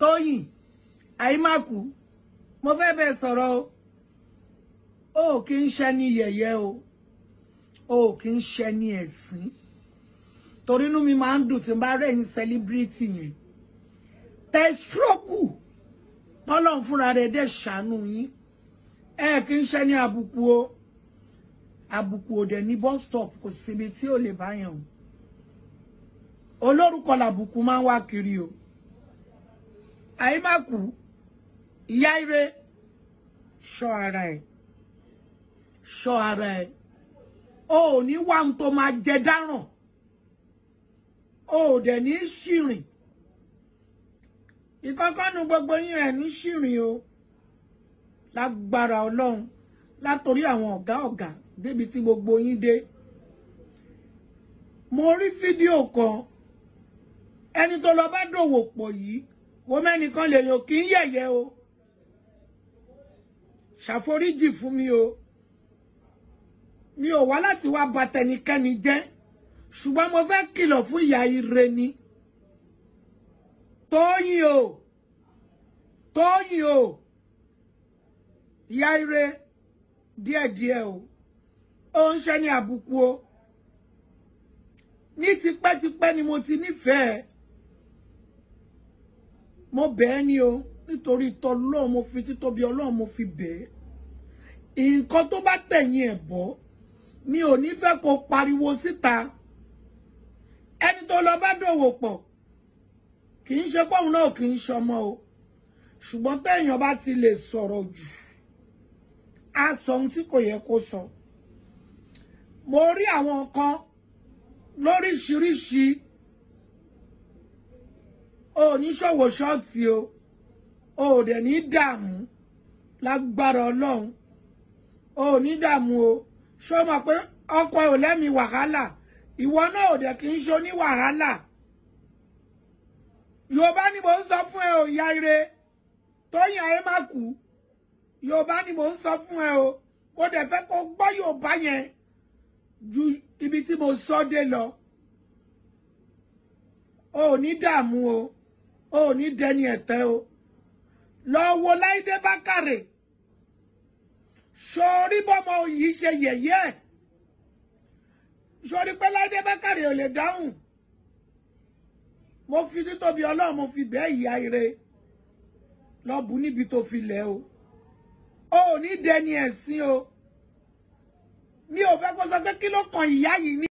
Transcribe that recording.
Tóyìn àìmákù mo fẹ́ bẹ́ẹ̀ sọ̀rọ̀ o ò kì í ṣe ní yẹ̀yẹ́ o ò kì í ṣe ní ẹ̀sìn torí inú mi máa ń dùn tí n bá rẹ̀yìn sẹ́líbírìtì yẹn tẹ̀sítrọ́kù tọ́lọ́n fúnra rẹ̀ dẹ̀ ṣàánú yín ẹ kì í ṣe ní àbùkù o àbùkù òdẹ ní bus stop kò síbi tí ò lè bá o olórúkọ làbùkù máa ń wá kiri o àyímákù ìyá ire ṣọ́ ara ẹ̀ ṣọ́ ara ẹ̀ o ò ní wá ohun tó máa jẹ dáràn o ò dẹ̀ ní ṣìrìn ìkọ́kọ́nu gbogbo yín ẹ̀ ní ṣìrìn o lágbára ọlọ́run látòrí àwọn ọ̀gá ọ̀gá débi tí gbogbo yín dé mo rí fídíò kan ẹni tó lọ bá dòwò pọ̀ yìí wo mẹ́nìkan lè yàn kí ń yẹ̀yẹ́ o ṣàforíjì fún mi o mi ò wá láti wá bà tẹnikẹ́ni jẹ́ ṣùgbọ́n mo fẹ́ kìlọ̀ fún ìyá ire ni Tóyìn o Tóyìn o ìyá ire díẹ̀díẹ̀ o ó ń ṣe ní àbùkù o ní tipẹ́tipẹ́ ni mo ti nífẹ̀ẹ́ mo bẹ̀ẹ́ ni o nítorí tọlọ́run mo fi títóbi ọlọ́run mo fi bẹ̀ẹ́ nǹkan tó bá tẹ̀yìn ẹ̀ bọ́ mi ò ní fẹ́ kó pariwo síta ẹni tó lọ bá dòwò pọ̀ kì í ṣe pọ́hùn náà kì í ṣọmọ o ṣùgbọ́n téèyàn bá ti lè sọ̀rọ̀ jù á sọ ohun tí kò yẹ kó sọ mo rí àwọn kan lóríṣiríṣi oníṣòwò ṣọ́ọ̀tì o ò dẹ̀ ní dààmú lágbára ọlọ́run ò ní dààmú o ṣó mọ̀ pé ọkọ ò lẹ́mi wàhálà ìwọ náà ò dẹ̀ kì í ṣe oní wàhálà yorùbá ni mò ń sọ fún ẹ o ìyá ire tóyìn ayé má kú yorùbá ni mò ń sọ fún ẹ o mo dẹ̀ fẹ́ kó gbọ́ yorùbá yẹn ju ibi tí mo sọ dé lọ o ò ní dààmú o ò ní dẹni ẹ̀tẹ́ o lọ wo láìdé bákàrè sórí bọ́mọ yìí ṣe yẹ̀yẹ́ ẹ̀ sórí pé láìdé bákàrè ò lè dáhùn mo fi títóbi ọlọ́run mo fi bẹ́ẹ̀ ìyá ire lọ bù níbi tó fi lẹ̀ o ò ní dẹni ẹ̀sìn o mi ò fẹ́ kó sọ pé kí ló kan ìyá yìí ní.